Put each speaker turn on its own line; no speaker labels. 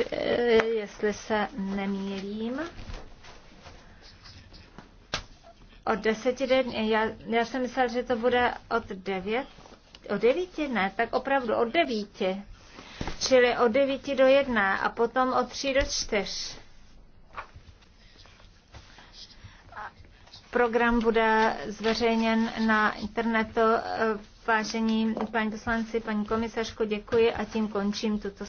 Eh, jestli se nemýlím. Od deseti den, já, já jsem myslel, že to bude od devět, od devíti ne, tak opravdu od devíti. Čili od devíti do jedné a potom od tří do čtyř. Program bude zveřejněn na internetu. Eh, vážení paní poslanci, paní komisařko, děkuji a tím končím tuto